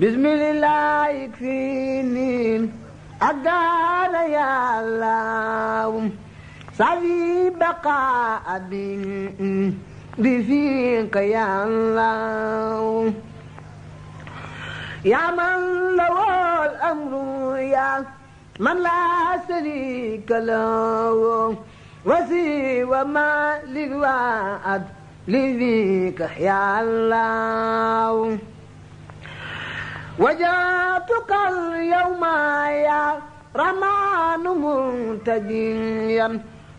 bismillah yik fii niin agaala yàllaaw safi baqa abin bi fiika yàllaaw yaa man lawool amru yaa man laa sharika lahu wasi wa ma lil waad li fiika yàllaaw وجاتك اليوم يا رمان مرتجيا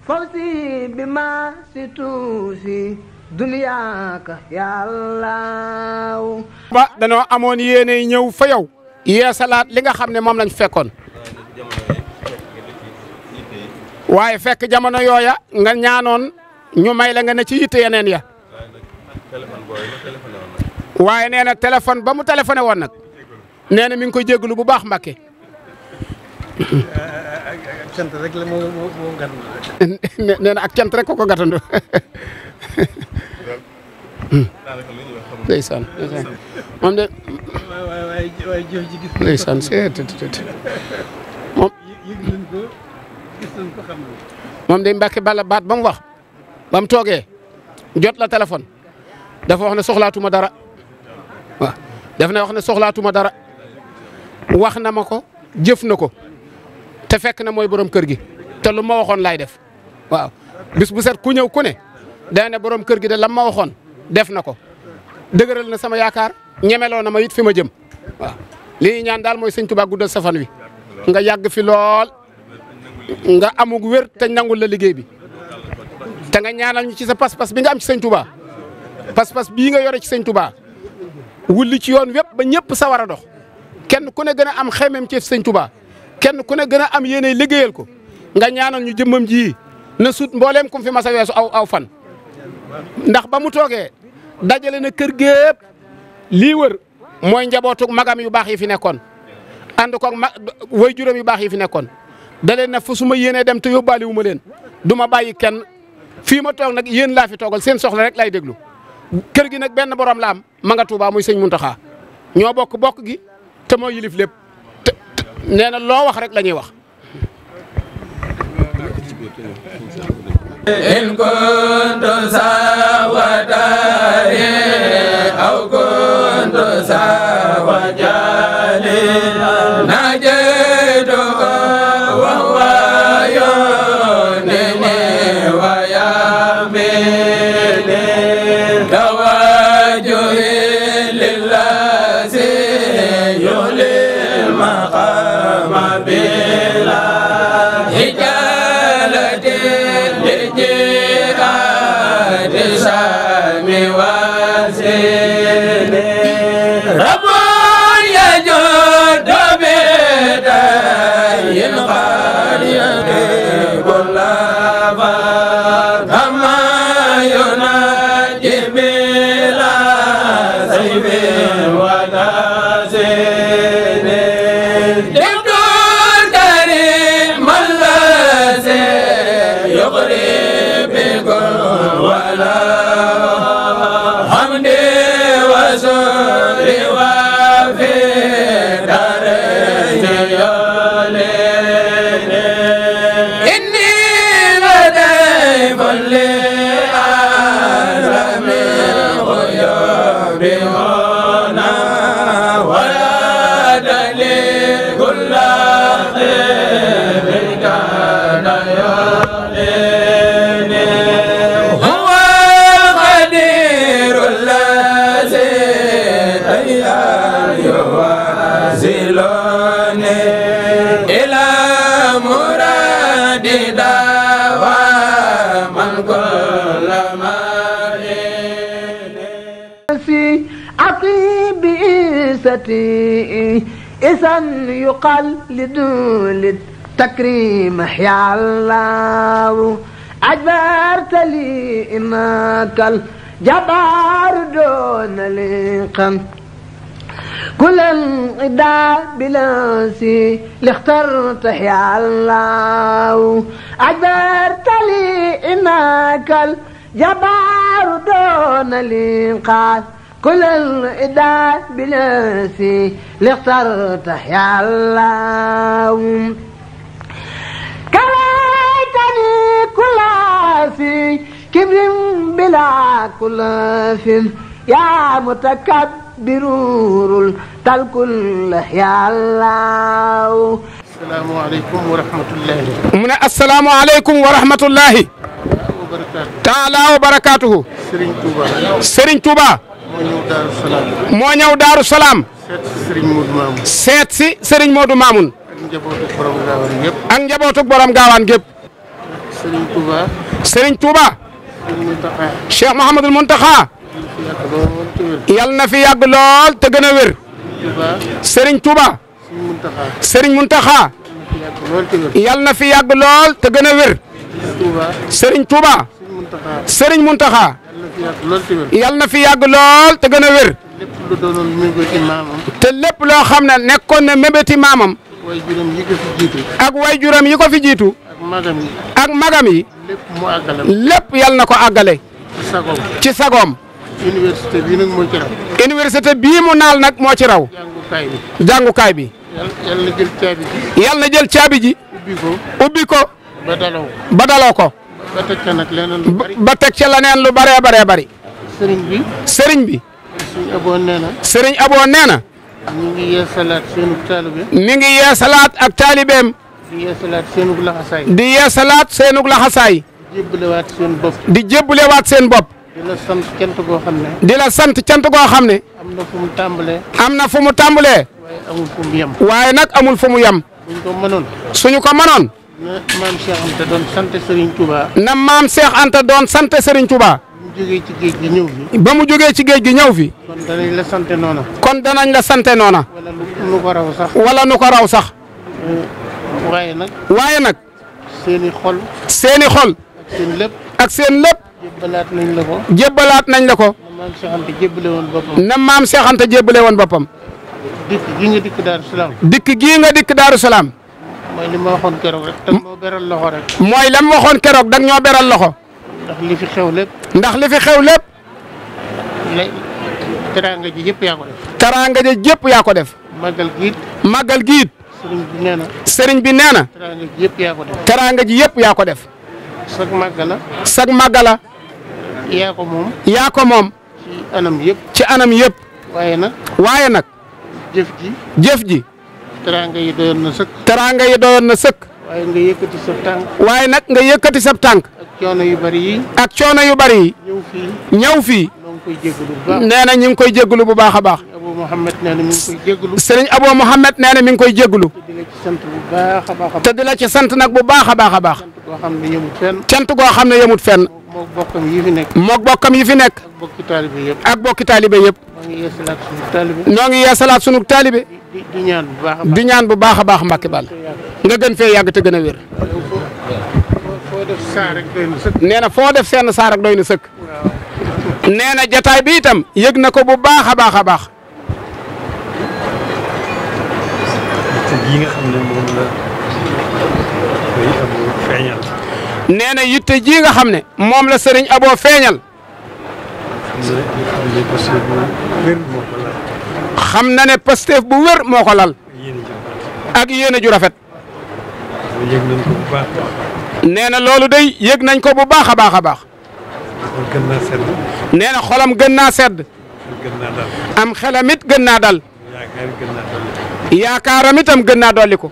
فوزي بما ستوسي دنياك يا الله ba dañoo amoon yéene ñëw fa yow yee li nga xam ne moom lañ fekkoon waaye fekk jamono yooya nga ñaanoon ñu may la nga ne ci yitte yeneen ya waaye nee na téléphone ba mu téléphoné woon nag nee na mi ngi koy jégalu bu baax Mbàkke. ak nee ak cant rek ko ko gàttandu. moom de. waay waay baat ba mu wax ba toogee jot la téléphone dafa wax ne soxlaatuma dara waaw daf wax ne soxlaatuma dara. wax na ma ko jëf na ko te fekk na mooy borom kër gi te lu ma waxoon laay def waaw bis bu set ku ñëw ku ne day borom kër gi de lam ma waxoon def na ko dëgëral na sama yaakaar ñemeloo na ma it fi ma jëm waaw li ñuy ñaan daal mooy sëñ Tuubaa guddal sa wi nga yàgg fi lool nga amug wér te nangul la liggéey bi te nga ñaanal ñu ci sa pas-pas bi nga am ci sëñ Tuubaa pas-pas bii nga yore ci sëñ Tuubaa wulli ci yoon wépp ba ñëpp sa war a dox kenn ku ne gën a am xemem ci sëñ Touba kenn ku ne gën a am yéene liggéeyal ko nga ñaanal ñu jëmmam ji na sut mbooleem kum fi mas a weesu aw aw fan. ndax ba mu toogee dajale na kër gépp lii wër mooy njabootu magam yu baax yi fi nekkoon ànd koog ma way juróom yu baax yi fi nekkoon dalee na fu su ma yéenee dem te yóbbaale wu ma leen du ma bàyyi kenn fii ma toog nag yéen laa fi toogal seen soxla rek lay déglu kër gi nag benn borom la am ma nga Touba muy sëñ Mountakha ñoo bokk bokk gi. te moo yilif lépp te nee na loo wax rek lañuy wax. in kuntu sawatari aw kuntu sawaja التي إذا يقال لدول التكريم يا الله أجبرت لي إنك الجبار دون لقم كل الإداء بلاسي اللي اخترت يا الله أجبرت لي إنك الجبار دون لقم كل الإداء بنفسي لاخترته يا الله كليتني كل في كبر بلا كل في يا متكبر تلك يا الله السلام عليكم ورحمة الله من السلام عليكم ورحمة الله تعالى وبركاته سرين توبا سرين توبا moo ñëw Daaru Salaam. moo ñëw Daaru Salaam. seet si ak njabootu borom gaawaan gépp. ak njabootu borom gaawaan gépp. Serigne Touba. Serigne na fi yàgg lool te gën a wér. Serigne Touba. Serigne Mountakha. yal na fi yàgg lool te gën a wér. Serigne Touba. Serigne Mountakha. yal na fi yàgg lool te gën a wér. te lépp loo xam ne nekkoon na mébéti maamam. ak way juram yi ko fi jiitu. ak magam lépp yal na ko àggale. ci sagoom. université bii nag moo ci mu naal nag moo ci raw. jàngukaay bi jàngukaay jël caabi ji. yal ji. ko. ko. ba teg lu bari ba teg bari. sëriñ bi sëriñ bi. sëriñ na. sëriñ aboo nee na. yeesalaat seenu taalibe. ak taalibeem. di yeesalaat seenug laxasaay. di yeesalaat seenug laxasaay. di seen bopp. di jébbalewaat seen bopp. di sant di la sant cant goo xam ne. am na fu mu am na fu mu tàmbalee. waaye amul waaye nag amul fu mu yem. suñu ko mënoon. na maam Cheikh doon sant sëriñ Touba. na maam Cheikh Anta doon sant sëriñ Touba. ba mu jógee ci géej gi ñëw fi. ba mu jógee ci géej gi ñëw fi. kon danañ la sant noona. kon danañ la sant noona. wala nu ko raw sax. wala nu ko raw sax. Eh, waaye nag. waaye nag. seeni xol. seeni xol. ak seen lépp. ak seen lépp. jébbalaat nañ la ko. jébbalaat nañ la ko. na maam Cheikh Anta woon boppam. na maam Cheikh Anta jébbale woon boppam. dikk gii nga dikk Daaru dikk gii Salaam. mooy li ma waxoon keroog rek da loxo rek. mooy lam waxoon keroog da ñoo beral loxo. ndax li fi xew lépp. ndax li xew lépp. teraanga ji yëpp yaa ko def. teraanga ji yaa ko def. màggal giit. màggal giit. na. sëriñ bi nee na. teraanga ji yëpp def. teraanga ji yëpp yaa ko def. sag màggala. sag màggala. yaa ko moom. yaa ko moom. ci anam yëpp. ci anam yëpp. waaye teraanga yi doyoon na sëkk. teraanga yi nga yëkkati sa waaye nag nga yëkkati sa tànk. ak coono yu bari yi. ak coono yu bari yi. fii. ñëw fii. na ñu ngi koy jégalu bu baax a baax. sëriñ Abo Mouhamed nee na mi ngi koy jégalu. te di la ci sant nag bu baax a baax a baax. cant goo xam ne yemut fenn. moog bokkam yi fi nekk. moog bokkam yi fi nekk. ak bokki taalibe yëpp. ak bokki taalibe yëpp. ñoo ngi di ñaan bu baax a baax di ñaan bu baax a baax Mbacke nga gën fee yàgg te gën a wér. nee na foo def seen saar ak doy na sëkk. nee na jataay bi itam yëg na ko bu baax a baax a baax. nee na yitte ji xam ne moom la sëriñ aboo feeñal. xam na ne Pastef bu wér moo ko lal ak yéene ju rafet nee na loolu day yëg nañ ko bu baax a baax a baax nee na xolam gën naa sedd am xelamit gën naa dal yaakaaram itam gën naa dolli ko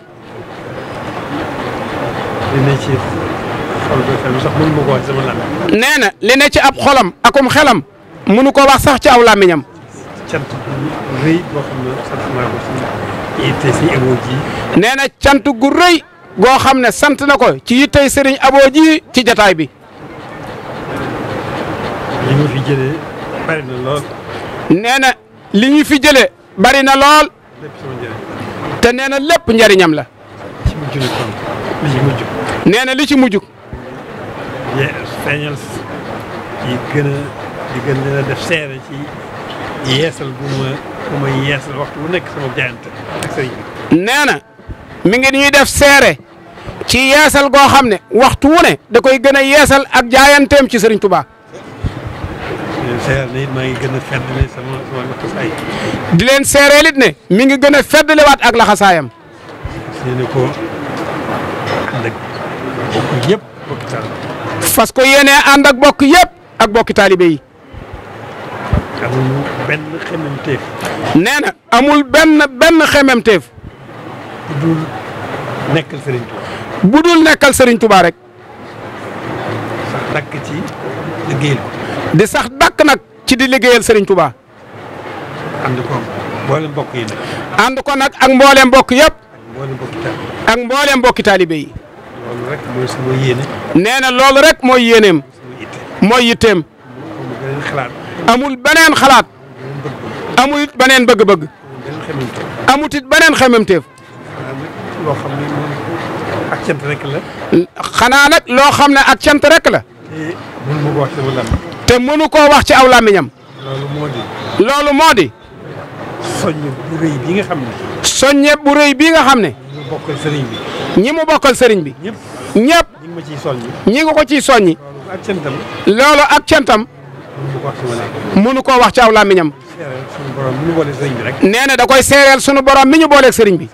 nee na li ne ci ab xolam akum xelam mënu ko wax sax ci aw làmmiñam cant gu rëy xam ne sant naa ko ci yitte sëriñ aboo ji. na cant gu xam ne sant na ko ci yittey sëriñ ci jataay bi. li ñu fi jëlee bari na lool. nee na li ñu fi jëlee bari na lool. te nee na lépp njariñam la. nee li ci mujj. feeñal di gën a di gën a yeesal bu ma ma yeesal waxtu bu nekk sama jaayante ak na mi ngi ñuy def seere ci yeesal goo xam ne waxtu wu ne da koy gën a yeesal ak jaayanteem ci sëriñ Touba. di leen seereel it gën a leen seereel it ne mi ngi gën a feddale waat ak laxasaayam. fas yéene ko ànd ak bokk yëpp ànd ak bokk yëpp ak bokki taalibe yi. amul nee na amul benn benn xememteef. bu dul nekkal Serigne Touba. bu dul nekkal Serigne Touba rek. sax ci liggéeyal di sax dakk nag ci di liggéeyal Serigne Touba. ànd ko mboolem mbokk yi nag. nag ak mboolem mbokk yëpp. ak mboolem mbokki taalibe yi. loolu rek mooy sama nee na loolu rek mooy yéeneem. amul beneen xalaat amul it beneen bëgg-bëgg amut it beneen xememteef la. xanaa nag loo xam ne ak cant rek la. te mënu koo wax ci aw làmmiñam. loolu moo di. loolu moo di. soññe bu rëy bi nga xam ne. bu rëy bi nga xam ne. ñi mu bokkal sëriñ bi. ñi mu bokkal sëriñ bi. ñëpp ñëpp. ñi ngi ko ciy soññi. loolu ak cantam. mënu koo wax ci aw làmmiñam nee na da koy seereel sunu borom mi ñu booleeg sëriñ bi.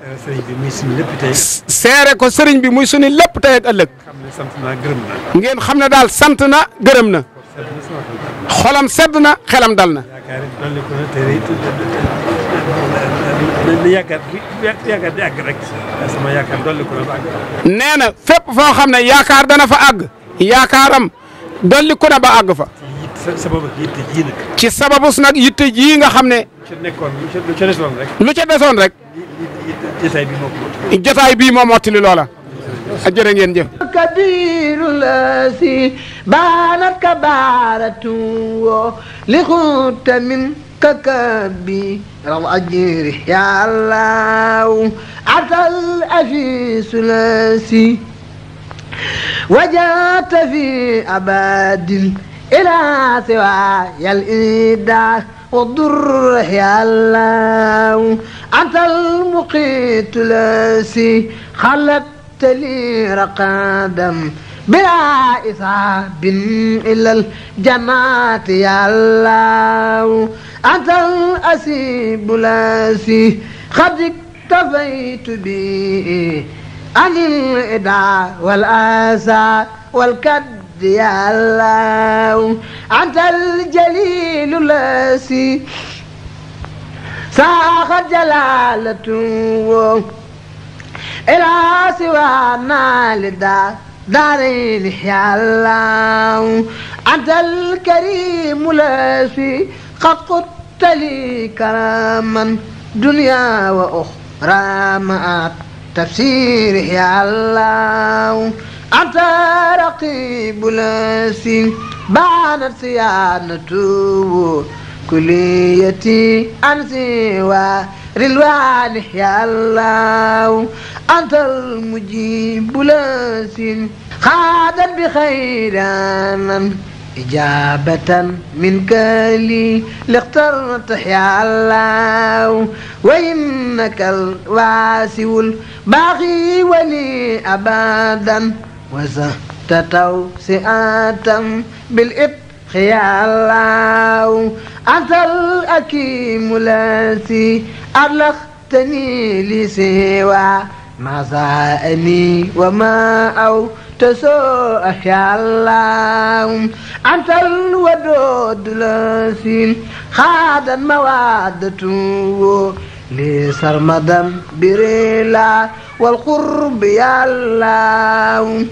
seere ko sëriñ bi muy sunu lépp tey ak ëllëg. ngeen xam ne daal sant na gërëm na. xolam sedd na xelam dal na. nee na fépp foo xam ne yaakaar dana fa àgg. yaakaaram dolli ku ne ba àgg fa. sababu yitte jii nag. ci sababu nag yitte jii nga xam ne. lu ca nekkoon desoon rek. lu ca desoon bii moom. jotaay bii moom loola. jërë ngeen jëf. kabiru la si baanat kabaaratu li xutta min kakabi raw ajiri yàllaaw atal afiisu la si wajaata fi abadin إلى سواي الإيداع والضر يا الله أنت المقيت لسي خلقت لي رقادا بلا إصاب إلا الجنات يا الله أنت الأسيب لسي قد اكتفيت به عن الإدعاء والآسى والكد ربي الله أنت الجليل الذي ساق جلالته إلى سوانا لدار دارين يا الله أنت الكريم الذي قد قدت لي كراما دنيا وأخرى مع تفسير يا الله أنت رقيب لسي بعنت صيانته كليتي عن سوى رلوان يا الله أنت المجيب لسي خادا بخيرانا إجابة منك لي لاخترت يا الله وإنك الواسع الباغي ولي أبدا وستتوا سئاتا بالإتخي الله أنت الأكيم الذي أرلختني لسوى ما زاني وما أو تسوء يا الله أنت الودود الذي خاد موادته لسرمدا بريلا والقرب يا الله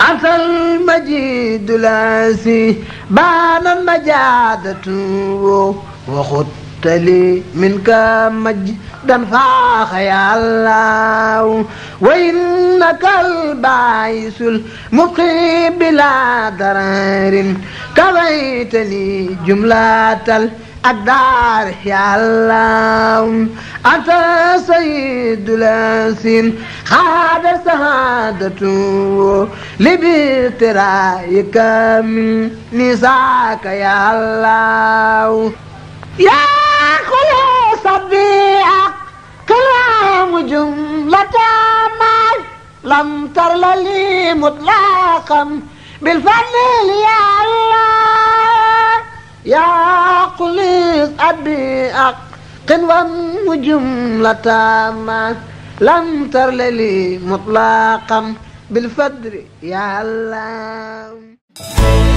عسى المجيد لاسي بان النجادة وخدت لي منك مجدا فاخ يا الله وإنك الباعث المبقي بلا ضرر كويتني جملة الدار يا الله أنت سيد الأنسين خادر سهادته لبترايك من نساك يا الله يا خلص البيئة كلام جملة معي لم ترل لي مطلقا بالفضل يا الله يا قليص أبي أقن وجملة ما لم ترللي مطلقا بالفدر يا الله